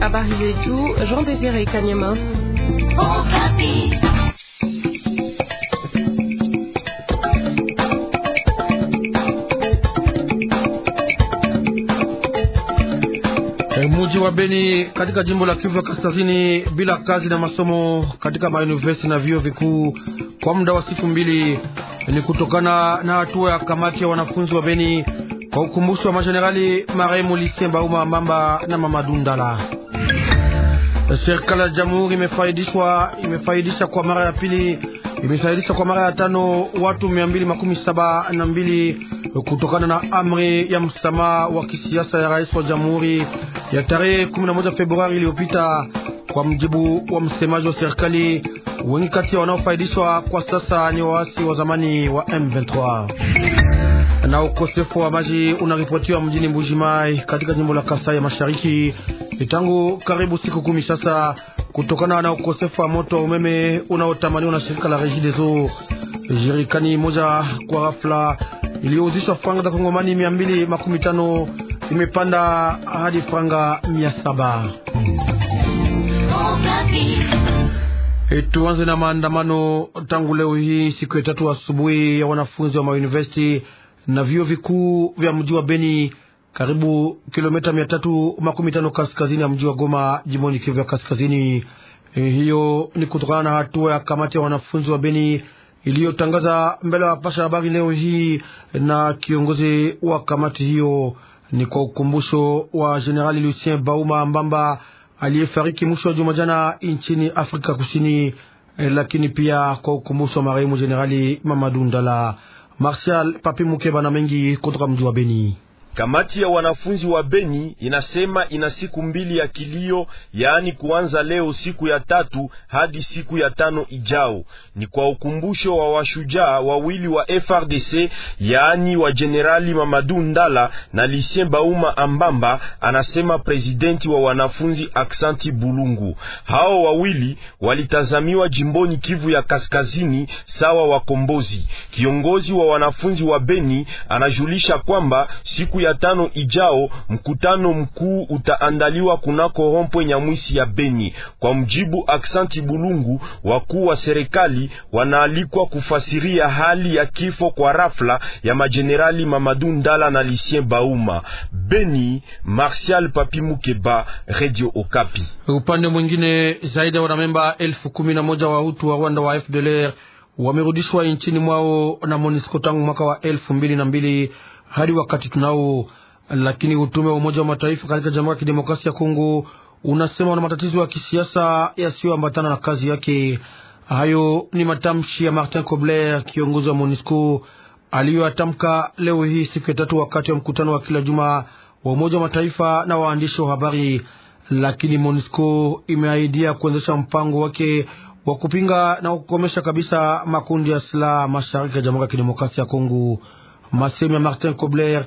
Habari yetu Jean Désiré Kanyama. Okapi. Eh, Mji wa Beni katika jimbo la Kivu ya Kaskazini bila kazi na masomo katika mauniversiti na vyuo vikuu kwa muda wa siku mbili ni kutokana na hatua ya kamati ya wanafunzi wa Beni kwa ukumbusho wa majenerali marehemu Lisemba Uma Mamba na Mama Dundala. Serikali ya jamhuri imefaidishwa imefaidisha kwa mara ya pili imefaidisha kwa mara ya tano watu mia mbili makumi saba na mbili kutokana na amri ya msamaha wa kisiasa ya rais wa jamhuri ya tarehe 11 Februari iliyopita. Kwa mjibu wa msemaji wa serikali, wengi kati ya wanaofaidishwa kwa sasa ni waasi wa zamani wa M23 na ukosefu wa maji unaripotiwa mjini Mbujimai katika jimbo la Kasai ya Mashariki tangu karibu siku kumi sasa, kutokana na ukosefu wa moto wa umeme unaotamaniwa na shirika la Regideso. Jirikani moja kwa ghafla iliyouzishwa franga za Kongomani mia mbili makumi tano imepanda hadi franga mia saba. Eh, tuanze na maandamano tangu leo hii siku ya tatu asubuhi ya wanafunzi wa university na vyuo vikuu vya mji wa Beni karibu kilomita mia tatu makumi tano kaskazini ya mji wa Goma jimboni Kivu ya kaskazini. E, hiyo ni kutokana na hatua ya kamati ya wanafunzi wa Beni iliyotangaza mbele ya wapasha habari leo hii na kiongozi wa kamati hiyo. Ni kwa ukumbusho wa Generali Lucien Bauma Mbamba aliyefariki mwisho wa juma jana nchini Afrika Kusini, e, lakini pia kwa ukumbusho wa marehemu jenerali Mamadou Ndala. Martial Papi Mukeba na mengi kutoka mji wa Beni. Kamati ya wanafunzi wa Beni inasema ina siku mbili ya kilio, yaani kuanza leo siku ya tatu hadi siku ya tano ijao. Ni kwa ukumbusho wa washujaa wawili wa FRDC, yaani wa Jenerali Mamadu Ndala na Lisien Bauma Ambamba, anasema prezidenti wa wanafunzi Aksanti Bulungu. Hao wawili walitazamiwa jimboni Kivu ya Kaskazini sawa wakombozi. Kiongozi wa wanafunzi wa Beni anajulisha kwamba siku ya tano ijao mkutano mkuu utaandaliwa kunako rompwe Nyamwisi ya Beni. Kwa mjibu Aksanti Bulungu, wakuu wa serikali wanaalikwa kufasiria hali ya kifo kwa rafla ya majenerali Mamadu Ndala na Lucien Bauma. Beni, Martial Papi Mukeba, Radio Okapi. Upande mwingine, zaidi ya wanamemba elfu kumi na moja wa utu wa Rwanda wa FDLR wamerudishwa nchini mwao na MONUSCO tangu mwaka wa elfu mbili na mbili hadi wakati tunao, lakini utume wa Umoja wa Mataifa katika Jamhuri ya Kidemokrasia ya Kongo unasema una matatizo ya kisiasa yasiyoambatana na kazi yake. Hayo ni matamshi ya Martin Kobler, kiongozi wa MONUSCO aliyoyatamka leo hii siku ya tatu wakati wa mkutano wa kila juma wa Umoja wa Mataifa na waandishi wa habari. Lakini MONUSCO imeahidia kuanzisha mpango wake wa kupinga na kukomesha kabisa makundi ya silaha mashariki ya Jamhuri ya Kidemokrasia ya Kongo maseme Martin Kobler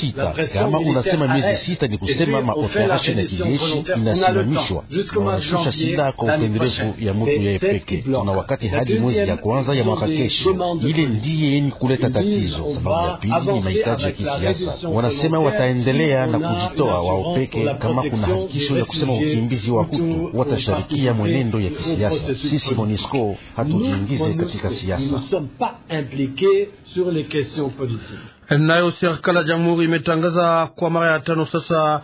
sita. Kama unasema miezi sita, ni kusema maoperasheni ya kijeshi inasimamishwa, unashusha shida kwa upendelevu ya mutu yeye peke. Tuna wakati hadi mwezi ya kwanza ya mwaka kesho, ile ndiye yenye kuleta tatizo. Sababu ya pili ni mahitaji ya kisiasa. Wanasema wataendelea na kujitoa wao peke, kama kuna hakikisho ya kusema ukimbizi wa kutu watasharikia mwenendo ya kisiasa. Sisi monisco hatujiingize katika siasa. Nayo serikali ya jamhuri imetangaza kwa mara ya tano sasa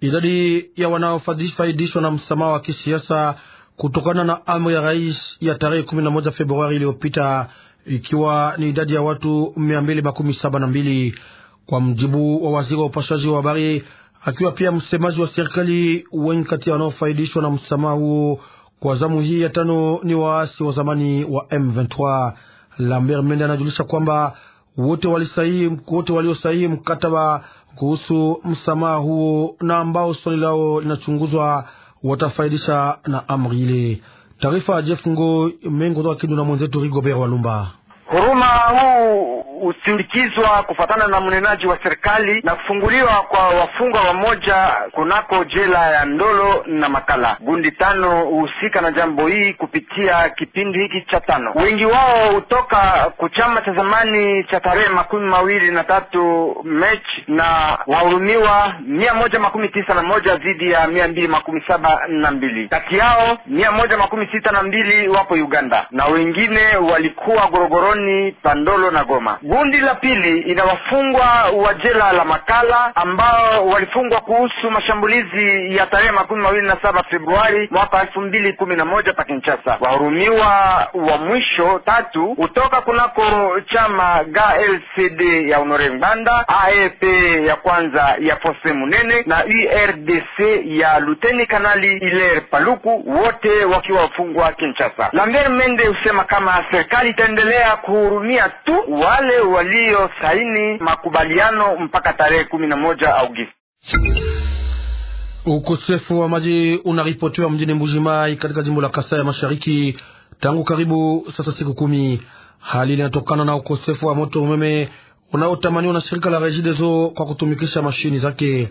idadi ya wanaofaidishwa na msamaha wa kisiasa kutokana na amri ya rais ya tarehe 11 Februari iliyopita, ikiwa ni idadi ya watu 272 kwa mjibu wa waziri wa upashaji wa habari, akiwa pia msemaji wa serikali. Wengi kati ya wanaofaidishwa na msamaha huo kwa zamu hii ya tano ni waasi wa zamani wa M23. Lambert Mende anajulisha kwamba wote walisahihi wote waliosahihi mkataba kuhusu msamaha huo na ambao swali lao linachunguzwa watafaidisha na amri ile. Taarifa ya Jeff Ngo Mengo kutoka Kindu na mwenzetu Rigobert Walumba. Huruma huu husindikizwa kufatana na mnenaji wa serikali na kufunguliwa kwa wafungwa wamoja kunako jela ya Ndolo na Makala. Gundi tano huhusika na jambo hii kupitia kipindi hiki cha tano. Wengi wao hutoka kuchama cha zamani cha tarehe makumi mawili na tatu mechi na wahurumiwa mia moja makumi tisa na moja dhidi ya mia mbili makumi saba na mbili kati yao mia moja makumi sita na mbili wapo Uganda na wengine walikuwa gorogoroni Pandolo na Goma. Gundi la pili ina wafungwa wa jela la Makala ambao walifungwa kuhusu mashambulizi ya tarehe makumi mawili na saba Februari mwaka elfu mbili kumi na moja pa Kinshasa. Wahurumiwa wa mwisho tatu hutoka kunako chama GLCD ya Honore Mbanda, AEP ya kwanza ya Fose Munene na URDC ya luteni kanali Iler Paluku, wote wakiwa wafungwa Kinshasa. Lambert Mende husema kama serikali itaendelea kuhurumia tu wale wale waliosaini makubaliano mpaka tarehe kumi na moja Agosti. Ukosefu wa maji unaripotiwa mjini Mbujimai katika jimbo la Kasai ya Mashariki tangu karibu sasa siku kumi. Hali inatokana na ukosefu wa moto umeme unaotamaniwa na shirika la Regideso kwa kutumikisha mashini zake.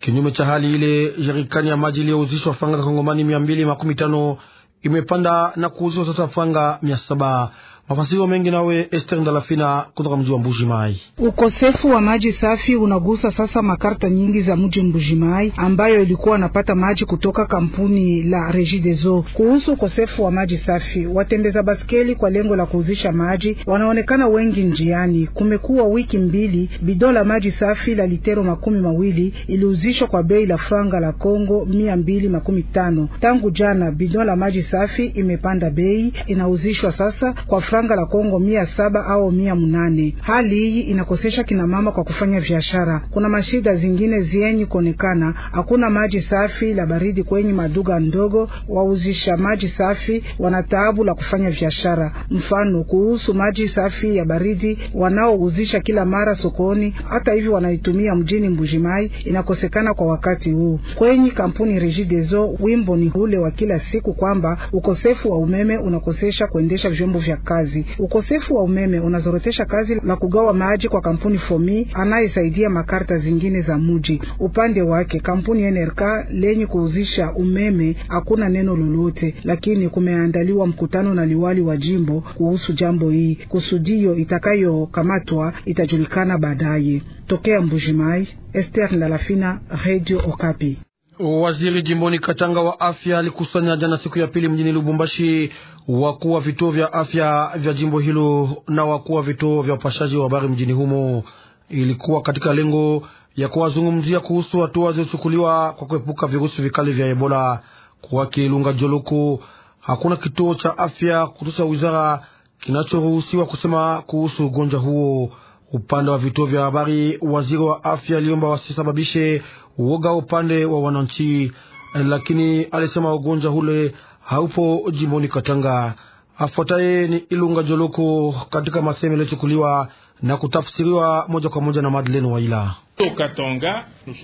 Kinyume cha hali ile, jerikani ya maji iliyouzishwa fanga za Kongomani mia mbili makumi tano imepanda na kuuziwa sasa fanga mia saba. Mafasiro mengi nawe Esther Ndalafina kutoka mji wa Mbujimai. Ukosefu wa maji safi unagusa sasa makarta nyingi za mji Mbujimai ambayo ilikuwa anapata maji kutoka kampuni la Regideso. Kuhusu ukosefu wa maji safi, watembeza baskeli kwa lengo la kuuzisha maji wanaonekana wengi njiani. Kumekuwa wiki mbili bidola la maji safi la litero makumi mawili iliuzishwa kwa bei la franga la Kongo mia mbili makumi tano. Tangu jana bidola la maji safi imepanda bei, inauzishwa sasa kwa franga franga la Kongo mia saba au mia mnane. Hali hii inakosesha kinamama kwa kufanya biashara. Kuna mashida zingine zienyi kuonekana, hakuna maji safi la baridi kwenye maduga ndogo. Wauzisha maji safi wana taabu la kufanya biashara. Mfano kuhusu maji safi ya baridi wanaouzisha kila mara sokoni, hata hivi wanaitumia mjini Mbujimai, inakosekana kwa wakati huu kwenye kampuni Regideso. Wimbo ni ule wa kila siku kwamba ukosefu wa umeme unakosesha kuendesha vyombo vya kazi kazi. Ukosefu wa umeme unazorotesha kazi la kugawa maji kwa kampuni Fomi anayesaidia makarta zingine za muji. Upande wake kampuni NRK lenye kuuzisha umeme hakuna neno lolote, lakini kumeandaliwa mkutano na liwali wa jimbo kuhusu jambo hii. Kusudio itakayokamatwa itajulikana baadaye. Tokea Mbujimai, Esther Ndalafina, Radio Okapi. Waziri jimboni Katanga wa afya alikusanya jana siku ya pili mjini Lubumbashi wakuu wa vituo vya afya vya jimbo hilo na wakuu wa vituo vya upashaji wa habari mjini humo. Ilikuwa katika lengo ya kuwazungumzia kuhusu hatua zilizochukuliwa kwa kuepuka virusi vikali vya Ebola. Kwa Kilunga Joluku, hakuna kituo cha afya kutosa wizara kinachoruhusiwa kusema kuhusu ugonjwa huo. Upande wa vituo vya habari, waziri wa afya aliomba wasisababishe woga upande wa wananchi, lakini alisema ugonjwa ule haupo jimboni Katanga. Afuataye ni Ilunga Joloko katika maseme yaliyochukuliwa na kutafsiriwa moja kwa moja na Madeleine Waila.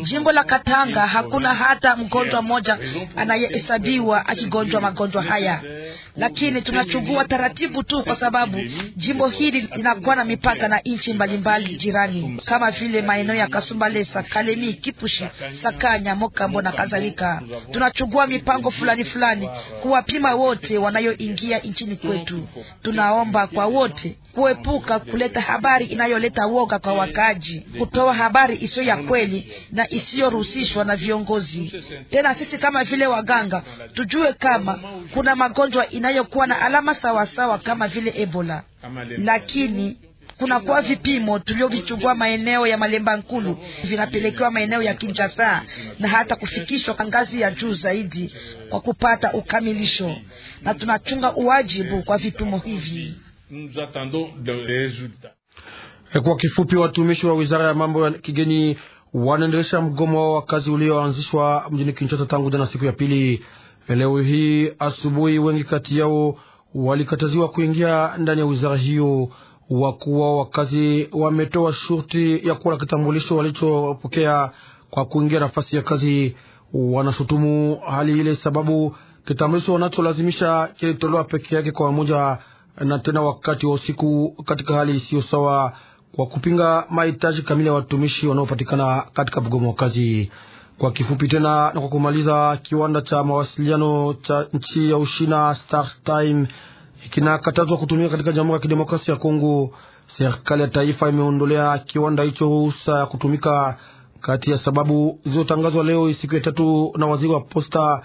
Jimbo la Katanga hakuna hata mgonjwa mmoja anayehesabiwa akigonjwa magonjwa haya, lakini tunachugua taratibu tu, kwa sababu jimbo hili linakuwa na mipaka na nchi mbalimbali jirani kama vile maeneo ya Kasumbalesa, Kalemi, Kipushi, Sakanya, Mokambo na kadhalika. Tunachugua mipango fulani fulani kuwapima wote wanayoingia nchini kwetu. Tunaomba kwa wote kuepuka kuleta habari inayoleta woga kwa wakaji, kutoa habari isiyo ya kweli na isiyoruhusishwa na viongozi. Tena sisi kama vile waganga tujue kama kuna magonjwa inayokuwa na alama sawasawa kama vile Ebola, lakini kunakuwa vipimo tuliovichugua maeneo ya Malemba Nkulu vinapelekewa maeneo ya Kinshasa na hata kufikishwa kwa ngazi ya juu zaidi kwa kupata ukamilisho, na tunachunga uwajibu kwa vipimo hivi nous attendons les résultats. E kwa kifupi, watumishi wa wizara ya mambo ya kigeni wanaendelesha mgomo wa kazi ulioanzishwa mjini Kinshasa tangu jana siku ya pili. E leo hii asubuhi, wengi kati yao walikataziwa kuingia ndani ya wizara hiyo. Wakuu wao wa kazi wametoa shurti ya kuwa na kitambulisho walichopokea kwa kuingia nafasi ya kazi. Wanashutumu hali ile sababu kitambulisho wanacholazimisha kilitolewa peke yake kwa mmoja na tena wakati wa usiku katika hali isiyo sawa, kwa kupinga mahitaji kamili ya watumishi wanaopatikana katika mgomo wa kazi. Kwa kifupi tena na kwa kumaliza, kiwanda cha mawasiliano cha nchi ya Ushina Star Time kinakatazwa kutumika katika Jamhuri ya Kidemokrasia ya Kongo. Serikali ya taifa imeondolea kiwanda hicho ruhusa ya kutumika, kati ya sababu zilizotangazwa leo siku ya tatu na waziri wa posta,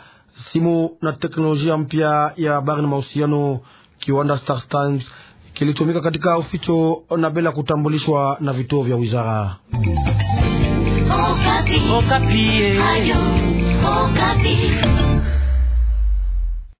simu na teknolojia mpya ya habari na mahusiano kiwanda StarTimes kilitumika katika uficho na bila kutambulishwa na vituo vya wizara. Okapi. Okapi.